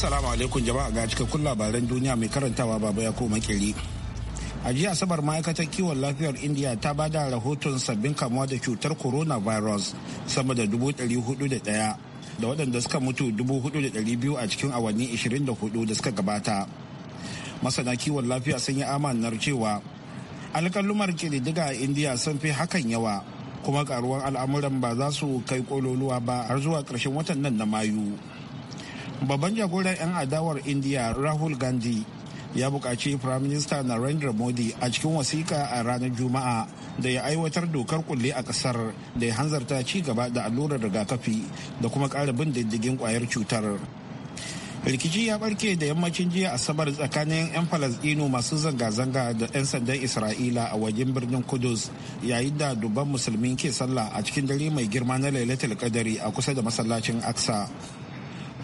Assalamu alaikum jama'a ga cikakkun labaran duniya mai karantawa baba ya koma kiri. A jiya asabar ma'aikatar kiwon lafiyar India ta ba da rahoton sabbin kamuwa da cutar coronavirus sama da dubu ɗari hudu da ɗaya da waɗanda suka mutu dubu hudu da ɗari biyu a cikin awanni ishirin da hudu da suka gabata. Masana kiwon lafiya sun yi amanar cewa alƙalumar ƙididdiga a India sun fi hakan yawa kuma ƙaruwar al'amuran ba za su kai kololuwa ba har zuwa ƙarshen watan nan na Mayu. babban jagoran 'yan adawar indiya rahul gandhi ya buƙaci Minister narendra modi a cikin wasiƙa a ranar juma'a da ya aiwatar dokar kulle a ƙasar da ya hanzarta ci gaba da allurar rigakafi da kuma ƙara bin diddigin ƙwayar cutar rikici ya barke da yammacin jiya asabar tsakanin 'yan Falasɗinu masu zanga-zanga da 'yan sandan isra'ila a wajen birnin kudus yayin da dubban musulmi ke sallah a cikin dare mai girma na lailatul kadari a kusa da masallacin aksa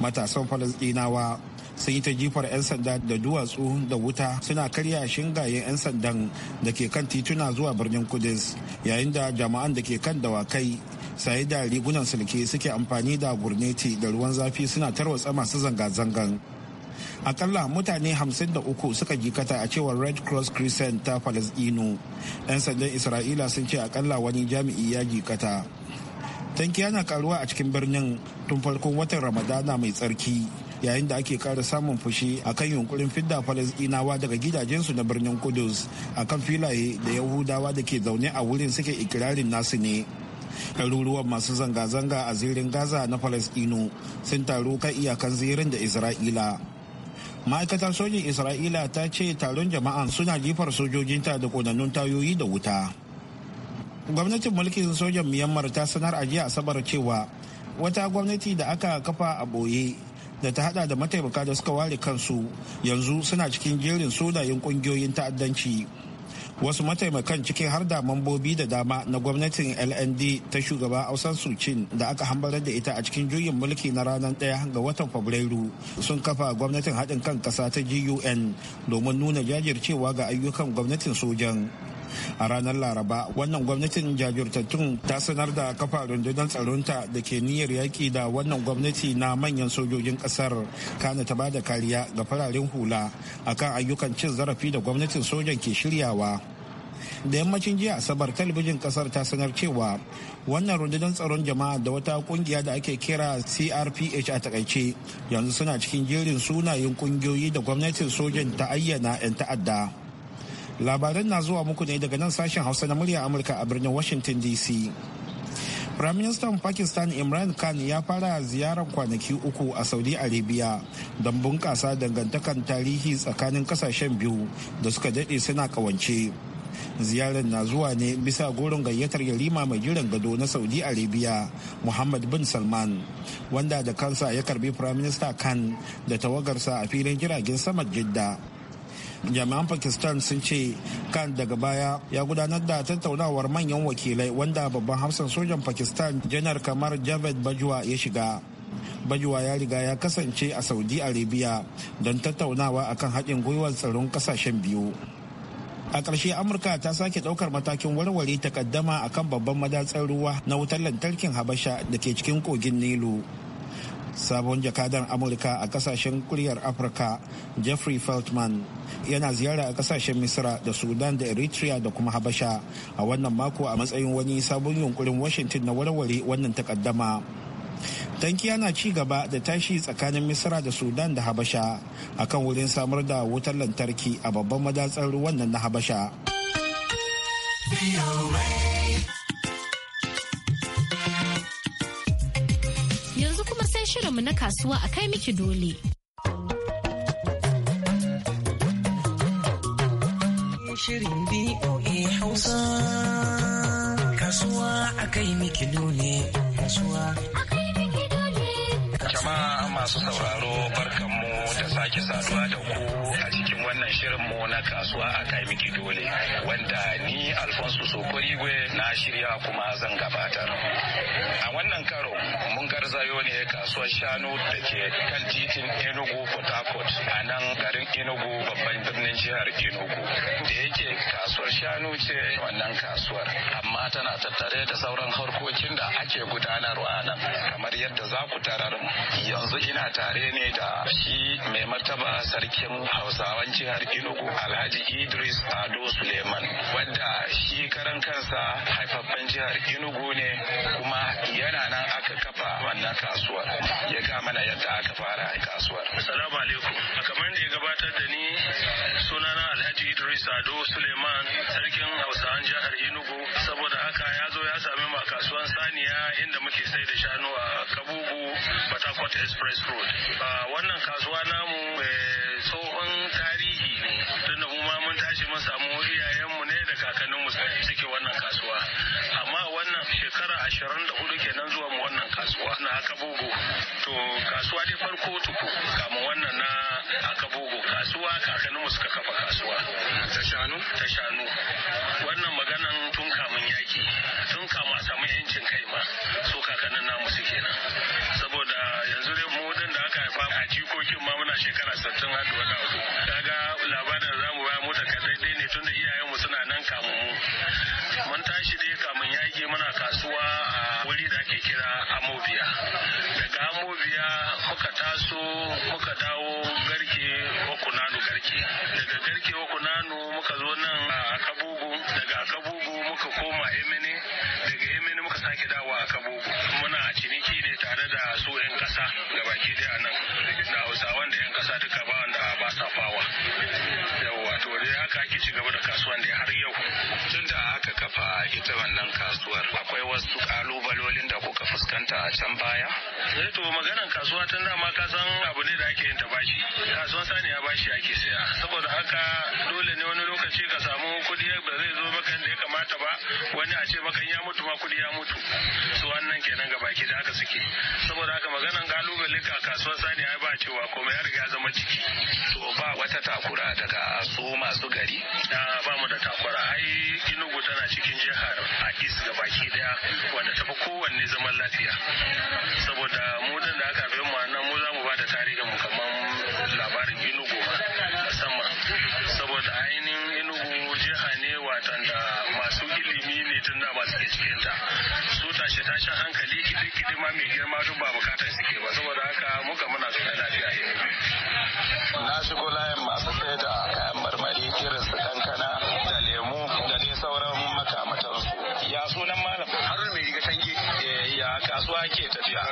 matasan falasɗinawa sun yi ta jifar 'yan sanda da duwatsu da wuta suna karya shingayen 'yan sandan da ke kan tituna zuwa birnin kudus yayin da jama'an da ke kan dawakai saye da rigunan sulke suke amfani da gurneti da ruwan zafi suna tarwatsa masu zanga-zangan akalla mutane 53 suka jikata a cewar red cross crescent ta falasdino 'yan sandan isra'ila sun ce akalla wani jami'i ya jikata tanki yana karuwa a cikin birnin tun farkon watan ramadana mai tsarki yayin da ake kara samun fushi a kan yunkurin fidda falasdinawa daga gidajensu na birnin kudus a kan filaye da yahudawa da ke zaune a wurin suke ikirarin nasu ne ɗaruruwan masu zanga-zanga a zirin gaza na falasdino sun taru kan iyakan zirin da isra'ila ma'aikatar sojin isra'ila ta ce taron jama'a suna jifar sojojinta da konannun tayoyi da wuta gwamnatin mulkin sojan myanmar ta sanar a jiya asabar cewa wata gwamnati da aka kafa a boye da ta hada da mataimaka da suka ware kansu yanzu suna cikin jerin sonayen kungiyoyin ta'addanci wasu mataimakan cikin har da mambobi da dama na gwamnatin lnd ta shugaba ausan sucin da aka hambarar da ita a cikin juyin mulki na ranar ɗaya ga watan fabrairu sun kafa gwamnatin haɗin kan ƙasa ta gun domin nuna jajircewa ga ayyukan gwamnatin sojan a ranar laraba wannan gwamnatin jajirtattun ta sanar da kafa rundunar tsaronta da ke niyyar yaƙi da wannan gwamnati na manyan sojojin ƙasar kana ta bada kariya ga fararen hula akan ayyukan cin zarafi da gwamnatin sojan ke shiryawa da yammacin jiya asabar talabijin kasar ta sanar cewa wannan rundunar tsaron jama'a da wata kungiya da ake kira crph a takaice yanzu suna cikin jerin sunayen kungiyoyi da gwamnatin sojan ta ayyana 'yan ta'adda labaran na zuwa muku ne daga nan sashen hausa na murya amurka a birnin washington dc Firaministan Pakistan Imran Khan ya fara ziyarar kwanaki uku a Saudi Arabia don bunkasa dangantakan tarihi tsakanin kasashen biyu da suka daɗe suna kawance Ziyarar na zuwa ne bisa goron gayyatar yarima mai jiran gado na Saudi Arabia Muhammad bin Salman wanda da kansa ya karbi Firaminista Khan da tawagarsa a filin jiragen sama Jidda. jami'an pakistan sun ce kan daga baya ya gudanar da tattaunawar manyan wakilai wanda babban hafsan sojan pakistan janar kamar javed bajwa ya shiga bajwa ya riga ya kasance a saudi arabia don tattaunawa akan haɗin gwiwar tsaron ƙasashen biyu a ƙarshe amurka ta sake ɗaukar matakin warware takaddama akan babban madatsar ruwa na wutar lantarkin habasha da ke cikin kogin nilu sabon jakadan amurka a kasashen kuryar afirka jeffrey feltman yana ziyara a kasashen misira da sudan da eritrea da kuma habasha a wannan mako a matsayin wani sabon yunkurin washington na warware wannan takaddama tankiya na ci gaba da tashi tsakanin misira da sudan da habasha akan wurin samar da wutar lantarki a babban madatsar ruwan nan na habasha. shirinmu na kasuwa a kai miki dole. Shirin BOA Hausa kasuwa a kai miki dole kasuwa. Jama'a masu sauraro barkanmu sake saduwa da ku a cikin wannan shirin mu na kasuwa a kai miki dole wanda ni Alfonso Sokorigwe na shirya kuma zan gabatar. A wannan karo mun garzayo ne kasuwar shanu da ke kan titin Enugu Port Harcourt a nan garin Enugu babban birnin jihar Enugu da yake kasuwar shanu ce wannan kasuwar amma tana tattare da sauran harkokin da ake gudanarwa nan kamar yadda za ku tarar yanzu ina tare ne da shi mai martaba sarkin hausawan jihar Inugu alhaji idris ado suleiman wadda shi karan kansa haifaffen jihar Inugu ne kuma yana nan aka kafa wannan kasuwar ya ga mana yadda aka fara kasuwar assalamu alaikum kamar da ya gabatar da ni Mai sado suleiman sarkin hausawan jihar enugu saboda haka ya zo ya sami mu kasuwan saniya inda muke sai da shanu a kabugu port express road wannan kasuwa namu eh, tsohon tarihi ne tun da mu ma mun tashi mun samu iyayenmu ne da kakanninmu suke wannan kasuwa amma wannan shekara ashirin da hudu kenan zuwa mu wannan kasuwa na akabogo to kasuwa dai farko tuku kamun wannan na akabogo kasuwa kakanin mu suka kafa kasuwa ta shanu ta shanu wannan maganan tun kamun yaki tun kamun a samu yancin kai ma so kakanin namu su kenan saboda yanzu dai mu da aka haifa a jikokin ma muna shekara sattin har da wani abu daga labarin zamu mota mu daidai ne tun da iyayenmu suna nan kamun mu mun tashi dai kamun yaki muna kasuwa a wuri da ake kira amobiya muka taso muka dawo garke okunanu garke daga garke okunanu muka zo nan a kabu daga kabugu muka koma emene daga emene muka sake dawa a kabugu muna ciniki ne tare da su 'yan ƙasa gabaki daya da nan da hausawan da 'yan ƙasa duka ba wanda ba sa fawa yawwa to dai haka ake ci gaba da kasuwan da har yau tunda aka kafa ita wannan kasuwar akwai wasu kalubalolin da kuka fuskanta a can baya eh to maganan kasuwa tun dama ka san abu ne da ake yin ta bashi kasuwan saniya bashi ake saya saboda haka dole ne wani lokaci ka samu kudi da zai zo da ya kamata ba wani a ce bakan ya mutu ma kudi ya mutu su wannan kenan ga baki da haka suke saboda haka maganan kalubale ka kasuwar sani ai ba cewa komai ya riga zama ciki to ba wata takura daga su masu gari ba mu da takura ai inugu tana cikin jihar a is ga baki daya wanda tafi kowanne zaman lafiya saboda mu da aka cikin ta su tashi tashin hankali kiɗi kiɗi ma mai girma duk ba bukatar su ke ba saboda haka muka muna zaune lafiya na shigo layin masu sai da kayan marmari irin su kankana da lemu da dai sauran makamantansu ya sunan malam Har mai riga tange eh, ya kasuwa ke tafiya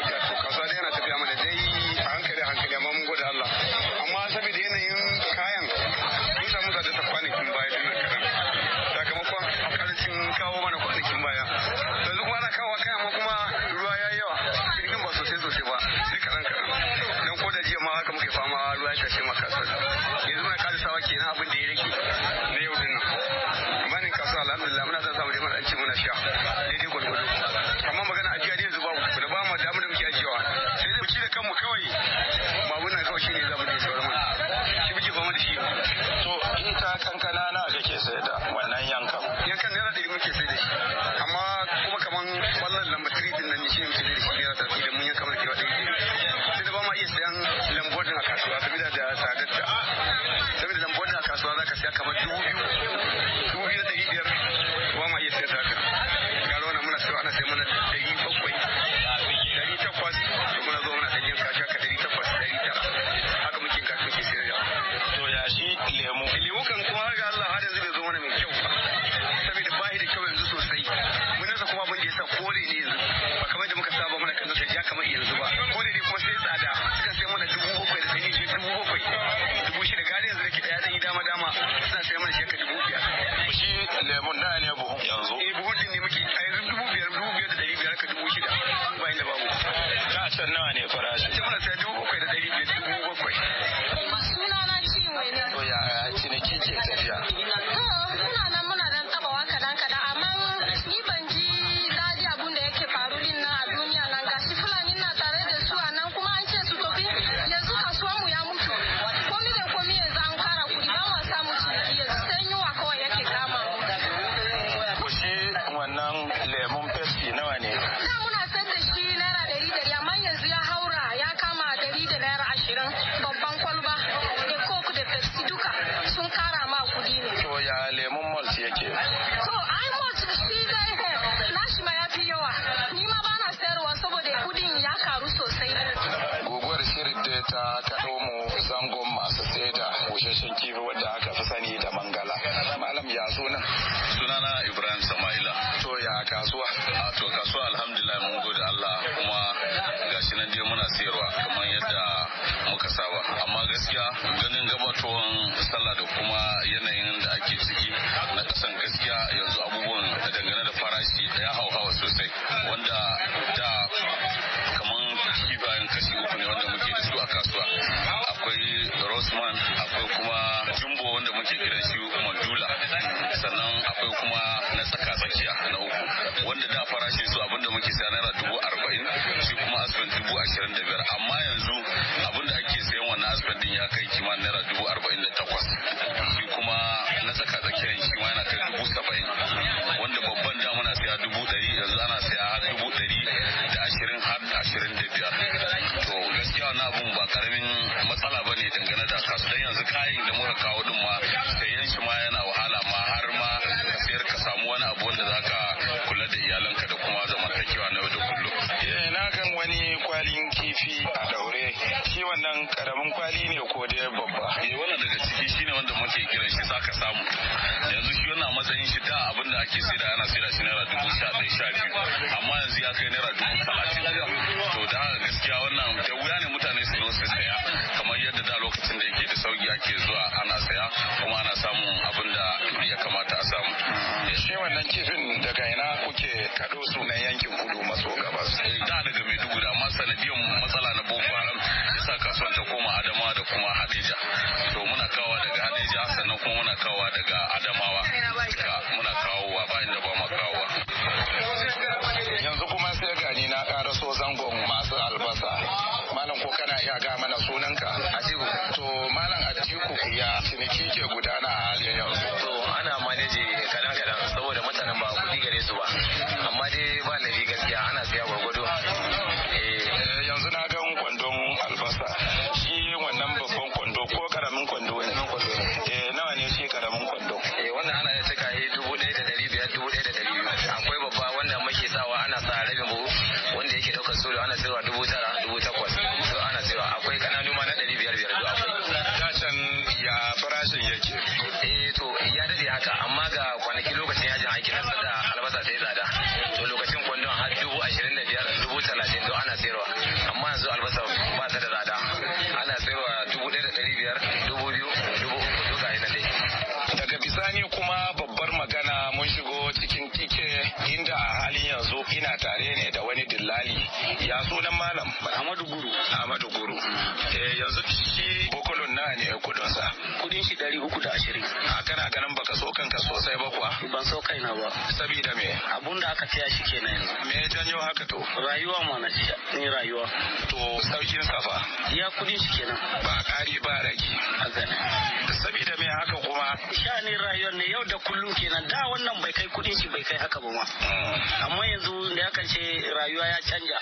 Ka bakwai dubu shida gari yanzu da ke dama dama suna sayar mana dubu biyar. Shi lemon na ne yanzu. Eh din ne muke a yanzu dubu biyar dubu biyar da biyar ka dubu shida ba inda babu. a nawa ne 家家都忙。da biyar amma yanzu abin da ake sayan wannan asibiti din ya kai kimanin naira dubu arba'in da takwas shi kuma na tsaka tsakiyar shi ma yana kai dubu saba'in wanda babban da muna a dubu ɗari yanzu ana saya har dubu ɗari da ashirin har ashirin da biyar to gaskiya wannan abun ba karamin matsala ba ne dangane da kasu don yanzu kayan da muka kawo din ma sai nan karamin kwali ne ko dai babba eh wannan daga ciki shine wanda muke kiran shi saka samu yanzu shi wannan matsayin shi da abin da ake saida ana saida shi naira dubu sha ɗaya sha biyu amma yanzu ya kai naira dubu talatin to da haka gaskiya wannan da wuya ne mutane su zo su saya kamar yadda da lokacin da yake da sauki ake zuwa ana saya kuma ana samun abin da ya kamata a samu shi wannan kifin daga ina kuke kaɗo sunan yankin kudu maso gabas eh, da daga maiduguri amma sanadiyar matsala na son ta koma adama da kuma hadeja to muna kawa daga hadeja sannan kuma muna kawa daga adamawa muna kawowa bayan da ba mu kawowa yanzu kuma sai gani na karaso zangon masu albasa malam ko kana iya ga mana biyar dubu biyu dubu uku duka ina dai daga bisani kuma babbar magana mun shigo cikin kike inda a halin yanzu ina tare ne da wani dillali ya sunan malam Ahmadu Guru Ahmadu shi dari uku da ashirin. A kana ganin baka so kanka sosai ba kuwa? Ban so kaina ba. Sabida me? Abun da aka taya shi kenan. Me ya janyo haka to? Rayuwa mana ni rayuwa. To sauƙin safa. Ya kudin shi kenan. Ba ƙari ba rage. A gani. da mai haka kuma sha'anin rayuwar ne yau da kullum kenan da wannan bai kai kudin shi bai kai haka ba ma mm. amma yanzu da ya kance rayuwa ya canja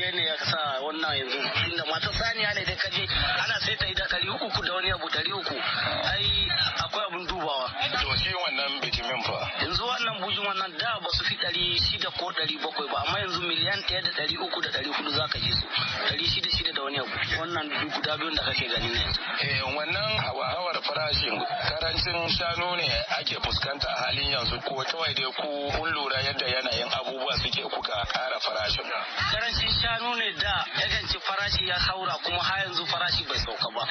yana mm. ya sa wannan yanzu inda mata saniya ne da kaje ana sai ta ida dari uku da wani abu dari uku mm. ai akwai abun dubawa to shi wannan bitumin fa yanzu wannan bujin wannan da ba su fi dari shida ko dari bakwai ba amma yanzu miliyan ɗaya da dari uku da dari hudu za ka je su dari shida shida da wani abu wannan guda biyun da kake gani ne eh wannan hawa hawar fara farashin karancin shanu ne ake fuskanta a halin yanzu ko kawai dai ku kun lura yadda yanayin abubuwa suke kuka kara farashin karancin shanu ne da yakan ci farashi ya saura kuma har yanzu farashi bai sauka ba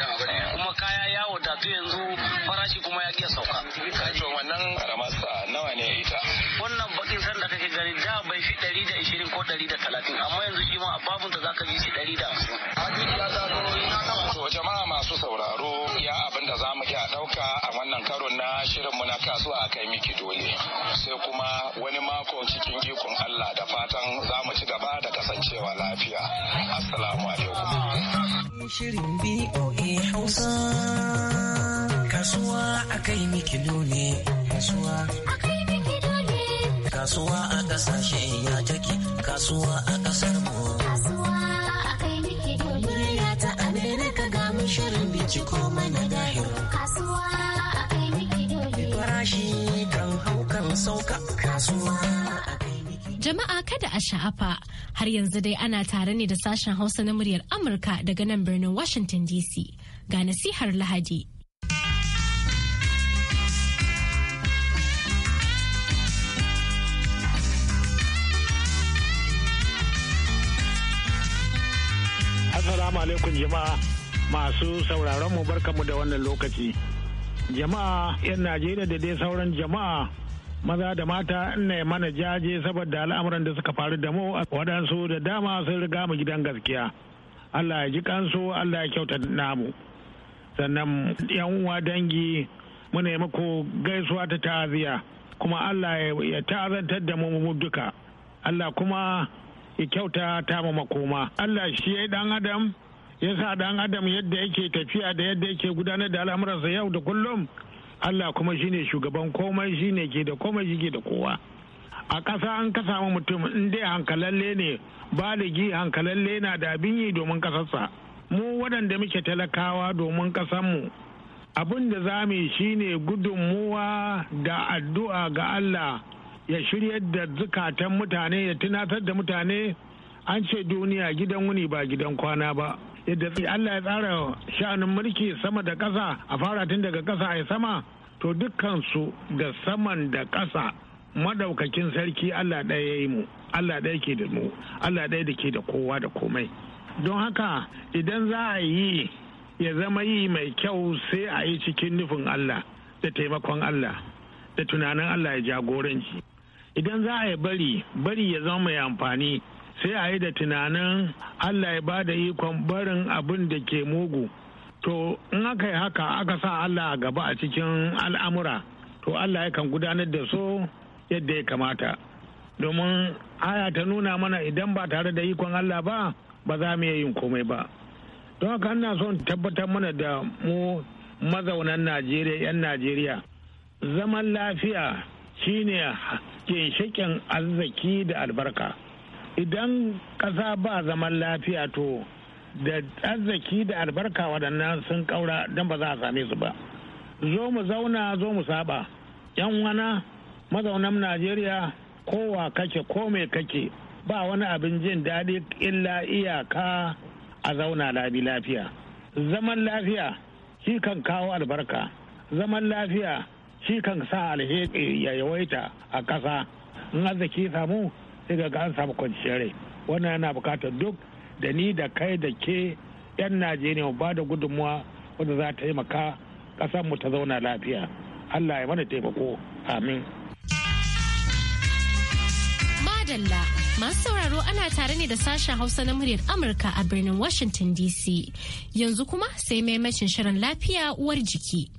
kuma kaya ya wadatu yanzu farashi kuma ya ke sauka kajo eh, wannan karamasa nawa ne ita wannan bakin sanda kake gani da bai fi da ishirin ko da talatin amma yanzu shi ma a babunta ka ji shi da hamsin. jama'a masu sauraro za mu iya ɗauka a wannan karon na shirin mu na kasuwa a kai miki dole. Sai kuma wani mako cikin ikon Allah da fatan za mu ci gaba da kasancewa lafiya. Assalamu alaikum. Shirin BOA Hausa kasuwa a kai miki dole. Kasuwa. kasuwa a kasashe ya take kasuwa a kasar mu Jama'a kada a sha'afa har yanzu dai ana tare ne da sashen Hausa na muryar Amurka daga nan birnin Washington DC ga nasihar Lahadi. Assalamu alaikum jama'a masu sauraron mu barkamu da wannan lokaci. Jama'a 'yan Najeriya da dai sauran jama'a maza da mata ina mana jaje saboda al'amuran da suka faru da mu waɗansu da dama sun riga mu gidan gaskiya allah ya ji kansu allah ya kyauta namu sannan yan uwa dangi muna yi gaisuwa ta ta'aziya kuma allah ya ta'azantar da mu duka allah kuma ya kyauta ta mu makoma allah shi ya dan adam ya sa dan adam yadda yake tafiya da yadda yake gudanar da al'amuransa yau da kullum Allah kuma shine shugaban komai shine ke da komai shi da kowa a ƙasa an ka samu mutum in dai hankalalle ne baligi hankalalle na da abin yi domin ƙasarsa mu waɗanda muke talakawa domin ƙasarmu abin da za mu yi shine gudunmuwa da addu'a ga Allah ya shirya da zukatan mutane ya tunatar da mutane an ce duniya gidan wuni ba gidan kwana ba yadda Allah ya tsara sha'anin mulki sama da ƙasa a fara tun daga ƙasa a sama to dukkansu da saman da ƙasa madaukakin sarki Allah ɗaya ya yi mu Allah ɗaya ke da mu Allah ɗaya da ke da kowa da komai don haka idan za a yi ya zama yi mai kyau sai a yi cikin nufin Allah da taimakon Allah da tunanin Allah ya jagoranci idan za a yi bari bari ya zama mai amfani sai a yi da tunanin allah ya ba da ikon barin abin da ke mugu to in aka yi haka aka sa allah a gaba a cikin al'amura to allah kan gudanar da so yadda ya kamata domin aya ta nuna mana idan ba tare da ikon allah ba ba za mu yin komai ba don haka ina son tabbatar mana da mu mazaunan najeriya 'yan najeriya zaman lafiya shine ginshiƙin arziki da albarka idan ƙasa ba zaman lafiya to da arziki da albarka waɗannan sun ƙaura don ba za a same su ba zo mu zauna zo mu saba yan wana mazaunan najeriya kowa kake ko mai kake ba wani abin jin daɗi illa iyaka a zauna labi lafiya zaman lafiya shi kan kawo albarka zaman lafiya shi kan sa alheri ya yawaita a ƙasa in arziki samu sai ga an samu kwanciyar rai wannan yana bukatar duk da ni da kai da ke 'yan najeriya mu ba da gudunmuwa wanda za ta taimaka ƙasar mu ta zauna lafiya allah ya mana taimako amin madalla masu sauraro ana tare ne da sashen hausa na muryar amurka a birnin washington dc yanzu kuma sai maimacin shirin lafiya uwar jiki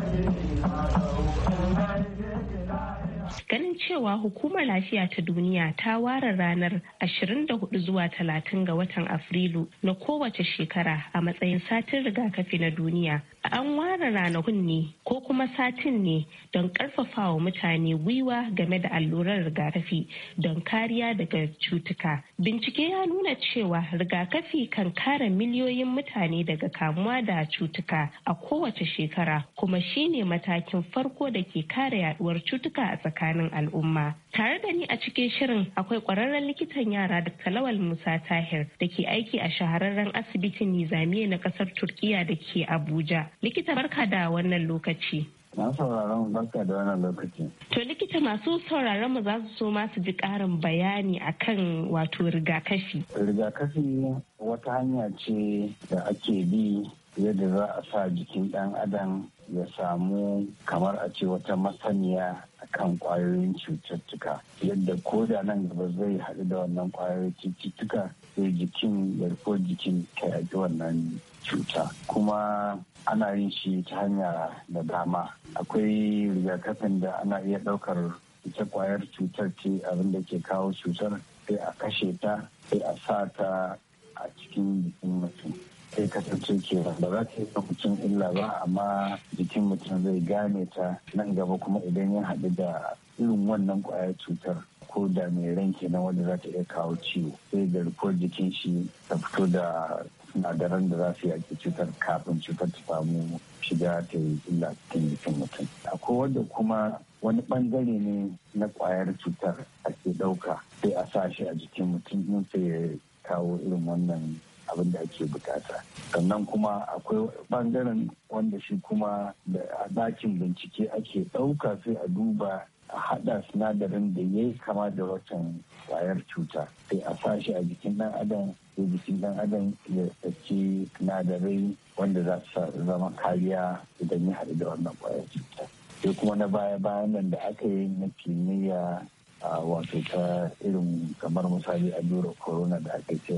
ganin cewa hukumar lafiya ta duniya ta ware ranar 24 zuwa 30 ga watan afrilu na kowace shekara a matsayin satin rigakafi na duniya an ware ranakun ne ko kuma satin ne don wa mutane gwiwa game da allurar rigakafi don kariya daga cutuka bincike ya nuna cewa rigakafi kan kare miliyoyin mutane daga kamuwa da cutuka a kowace shekara kuma shine matakin farko da ke kare yaduwar cutuka a tsakanin sirrin al'umma. Tare da ni a cikin shirin akwai kwararren likitan yara da talawal Musa Tahir da ke aiki a shahararren asibitin Nizamiya na kasar Turkiya da ke Abuja. Likita barka da wannan lokaci. Na sauraron barka wannan lokaci. To likita masu sauraron mu za su so masu ji ƙarin bayani akan wato rigakafi. Rigakafi wata hanya ce da ake bi yadda za a sa jikin ɗan adam ya samu kamar a ce wata masaniya kan kwayoyin cututtuka yadda ko da nan gaba zai haɗu da wannan kwayoyin cututtuka sai jikin garkuwar jikin ta yaƙi wannan cuta kuma ana yin shi ta hanya da dama akwai rigakafin da ana iya ɗaukar ita kwayar cutar ce abin da ke kawo cutar sai a kashe ta sai a sa ta a cikin jikin mutum sai kasance kenan ba za ta yi mutum illa ba amma jikin mutum zai gane ta nan gaba kuma idan ya haɗu da irin wannan kwayar cutar ko da mai ran kenan wanda za ta iya kawo ciwo sai da rufuwar jikin shi ta fito da sinadaran da za su yaƙi cutar kafin cutar ta samu shiga ta yi illa cikin jikin mutum akwai wanda kuma wani bangare ne na kwayar cutar ake ɗauka sai a sa shi a jikin mutum sai ya kawo irin wannan abin da ake bukata sannan kuma akwai bangaren wanda shi kuma da a dakin bincike ake ɗauka sai a duba a haɗa sinadarin da ya yi kama da watan kwayar cuta sai a fashi a jikin ɗan adam sai jikin ɗan adam ya saki sinadarai wanda za su zama kariya idan ya haɗu da wannan kwayar cuta sai kuma na baya bayan nan da aka yi na kimiyya wato ta irin kamar misali allurar corona da ake ce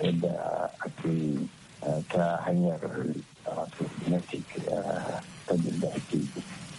yadda ake ta hanyar wato genetic ta da ake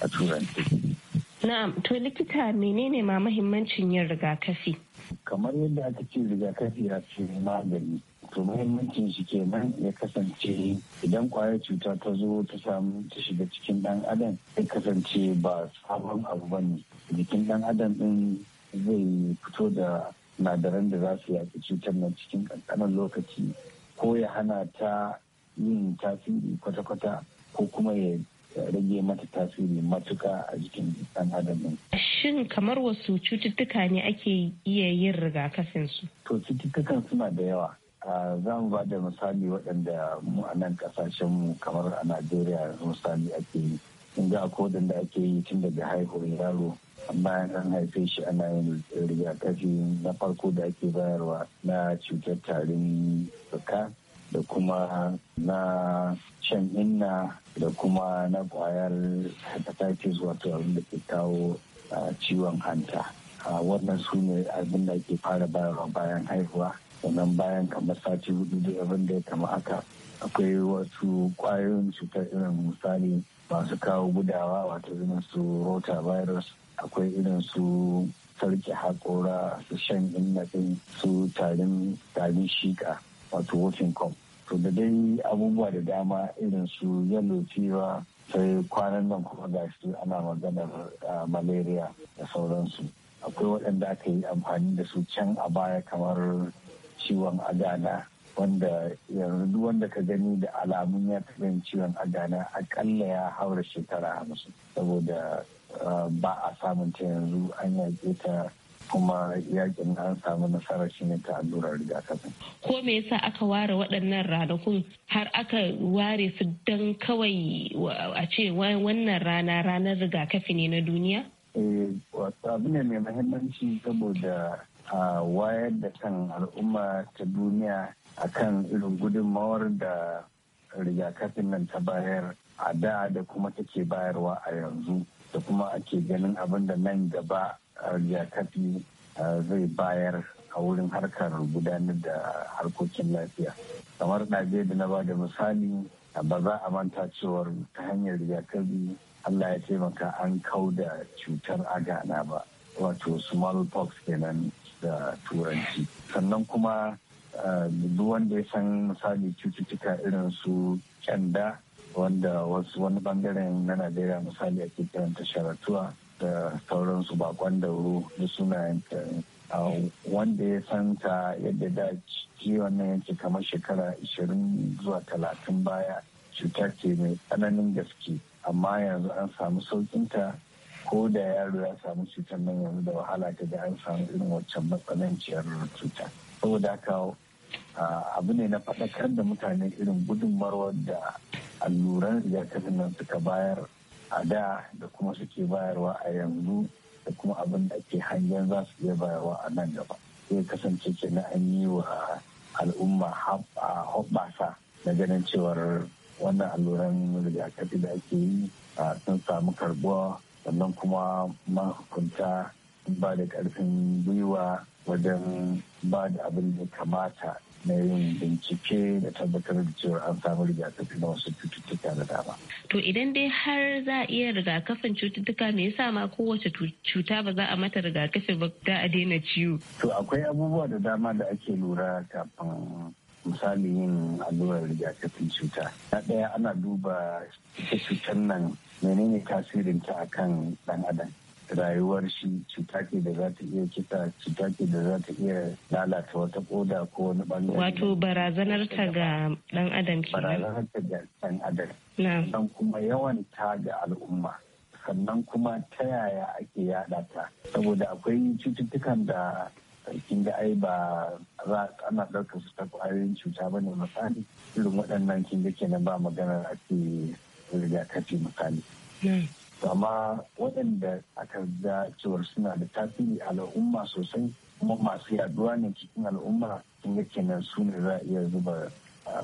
a turanci. Na'am, to likita menene ma mahimmancin yin rigakafi? Kamar yadda aka ce rigakafi a ce magani. To mahimmancin shi kenan ya kasance idan kwaya cuta ta zo ta samu ta shiga cikin dan adam ya kasance ba sabon abu bane. Jikin dan adam din zai fito da sinadaran da za su yaƙi cutar nan cikin ƙanƙanin lokaci ko ya hana ta yin tasiri kwata-kwata ko kuma ya rage mata tasiri matuka a jikin ɗan adam Shin kamar wasu cututtuka ne ake iya yin rigakafin su? To cututtukan suna da yawa. za mu ba da misali waɗanda mu a nan ƙasashen mu kamar a Najeriya misali ake yi. In ga akwai waɗanda ake yi tun daga haihuwar yaro bayan an haife shi ana yin rigakafi na farko da ake bayarwa na cutar tarin fuka da kuma na shan inna da kuma na kwayar hepatitis wato abin da ke kawo ciwon hanta wannan su ne abin da ake fara bayarwa bayan haihuwa sannan bayan kamar sati hudu da abin da ya kama haka akwai wasu kwayoyin cutar irin misali masu kawo gudawa wato irin su rota virus akwai irin su sarki haƙora su shan innaɗin su tarin tarin shika wato wofin kom to da dai abubuwa da dama irin su yellow fever sai kwanan nan kuma ga shi ana maganar malaria da sauransu akwai waɗanda aka yi amfani da su can a baya kamar ciwon agana wanda yanzu wanda ka gani da alamun ya taɓa ciwon agana akalla ya haura shekara hamsin saboda ba a samun ta yanzu an yaƙe ta kuma yakin an samu nasarar shi ne ta allurar rigakafin. Ko me yasa aka ware waɗannan ranakun har aka ware su don kawai a ce wannan rana ranar rigakafi ne na duniya? Eh, wasu abu ne mai mahimmanci saboda a wayar da kan al'umma ta duniya akan irin gudunmawar da rigakafin nan ta bayar a da da kuma take bayarwa a yanzu. da kuma ake ganin abin da nan gaba rigakafi zai bayar a wurin harkar gudanar da harkokin lafiya kamar ɗabe da na ba da misali ba za a manta cewar ta hanyar rigakafi allah ya taimaka an kau da cutar agana ba wato smallpox kenan da turanci sannan kuma duk wanda ya san misali cututtuka irin su kyanda wanda wasu wani bangaren na najeriya misali ake kiranta sharatuwa da sauransu bakon dauro da sunayen wanda ya santa yadda da ciki wannan yake kamar shekara 20 zuwa 30 baya cuta ce mai tsananin gaske amma yanzu an samu saukinta ko da yaro ya samu cutar nan yanzu da wahala ta da an samu irin waccan matsananciyar cuta saboda haka abu ne na faɗakar da mutane irin gudunmawar da alluran rigakafin nan suka bayar a da da kuma suke bayarwa a yanzu da kuma abin da ke hanyar za su iya bayarwa a nan gaba zai kasance kenan an yi wa al'umma hoɓɓasa na ganin cewar wannan alluran rigakafi da ake yi sun samu karbuwa sannan kuma mahukunta ba da ƙarfin gwiwa wajen ba da abin da kamata na yin bincike da tabbatar da cewa an samu rigakafi na wasu cututtuka da dama. To idan dai har za a iya rigakafin cututtuka me yasa ma kowace cuta ba za a mata rigakafi ba da a daina ciwo? To akwai abubuwa da dama da ake lura kafin misali yin allurar rigakafin cuta. Na ɗaya ana duba ita cutar nan menene tasirinta akan ɗan adam. rayuwar shi cuta ce da za ta iya kisa cuta ce da za ta iya lalata wata koda ko wani bangare wato barazanar ta ga dan adam ke barazanar ta ga dan adam sannan kuma yawan ta ga al'umma sannan kuma ta yaya ake yada ta saboda akwai cututtukan da kin ga ai ba za ana ɗaukar su ta kwayoyin cuta ba ne misali irin waɗannan kin ga kenan ba maganar ake rigakafi misali amma waɗanda aka ga cewar suna da tasiri a al'umma sosai kuma masu yaduwa ne cikin al'umma sun ga kenan su ne za a iya zuba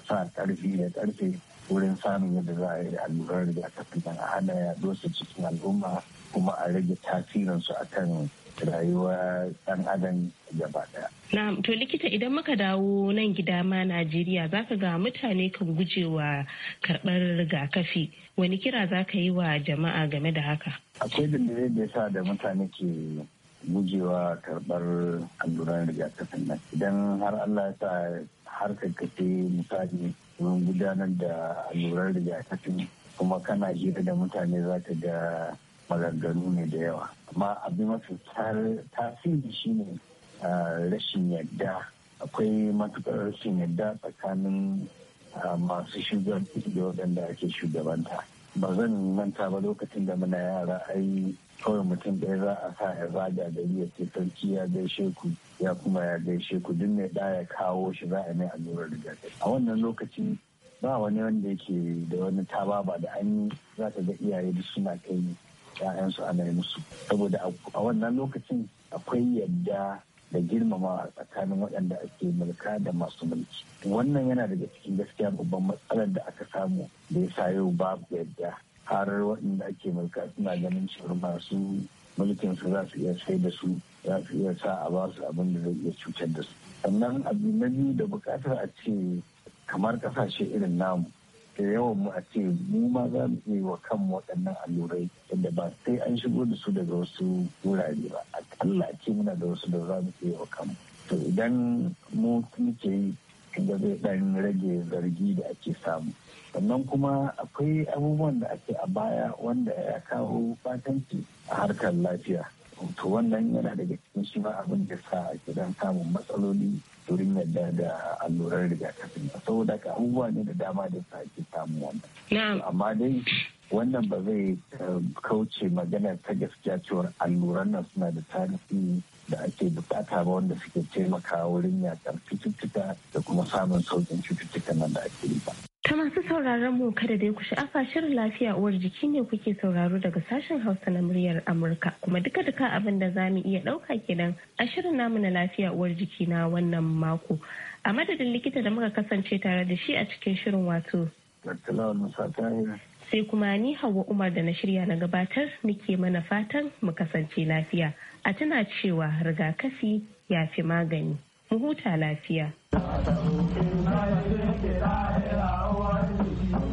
sa karfi da ƙarfe wurin samun yadda za a yi allurar rigakafin nan a hana yaduwar su cikin al'umma kuma a rage tasirinsu akan rayuwar ɗan adam gaba ɗaya. na to likita idan muka dawo nan gida ma Najeriya ka ga mutane kan gujewa karɓar rigakafi wani kira za ka yi wa jama'a game da haka akwai dalilai da yasa da mutane ke gujewa karɓar alluran rigakafin nan idan har allah ya sa har kakkace misali wurin gudanar da alluran rigakafin kuma kana hira da mutane za ka ga maganganu ne da yawa amma abin mafi tasiri shine ah, rashin yadda akwai matukar rashin yadda tsakanin masu shigar da waɗanda ake shugabanta ba zan manta ba lokacin da muna yara ai kawai mutum ɗaya za a sa ya zaga da ya ce sarki ya gaishe ku ya kuma ya gaishe ku duk mai ɗaya kawo shi za a mai allurar rigakafi a wannan lokaci ba wani wanda yake da wani tababa da an yi za ta ga iyaye duk suna kai ‘ya'yansu ana yi musu saboda a wannan lokacin akwai yadda da girmama a tsakanin waɗanda ake mulka da masu mulki wannan yana daga cikin gaskiya babban matsalar da aka samu da ya sa yau babu yadda har waɗanda ake mulka suna ganin cewar masu mulkin su za su iya sai da su za su iya sa a basu abin da zai iya cutar da su sannan abu na biyu da buƙatar a ce kamar ƙasashe irin namu da yawan mu a ce mu ma za mu iya wa kan waɗannan allurai yadda ba sai an shigo da su daga wasu wurare ba aƙalla a ce muna da wasu da za mu iya wa kan to idan mu muke yi da zai ɗan rage zargi da ake samu sannan kuma akwai abubuwan da ake a baya wanda ya kawo fatanci a harkar lafiya to wannan yana daga cikin shi ma abin da sa ake dan samun matsaloli wurin yadda da allurar rigakafin saboda ka abubuwa ne da dama da sa ake samun wannan amma dai wannan ba zai eh, kauce magana ta gaskiya cewar alluran nan suna da tarihi da ake bukata ba wanda suke taimakawa wurin yakar cututtuka da kuma samun saukin cututtukan nan da ake yi ba. Ta masu sauraron mu kada dai ku sha'afa shirin lafiya uwar jiki ne kuke sauraro daga sashen Hausa na muryar Amurka kuma duka duka abin da za mu iya ɗauka kenan a shirin namu na lafiya uwar jiki na wannan mako. A madadin likita da muka kasance tare da shi a cikin shirin wato. Sai kuma ni Hauwa Umar da na shirya na gabatar muke mana fatan mu kasance lafiya. A tana cewa rigakafi ya fi magani. Mu huta lafiya.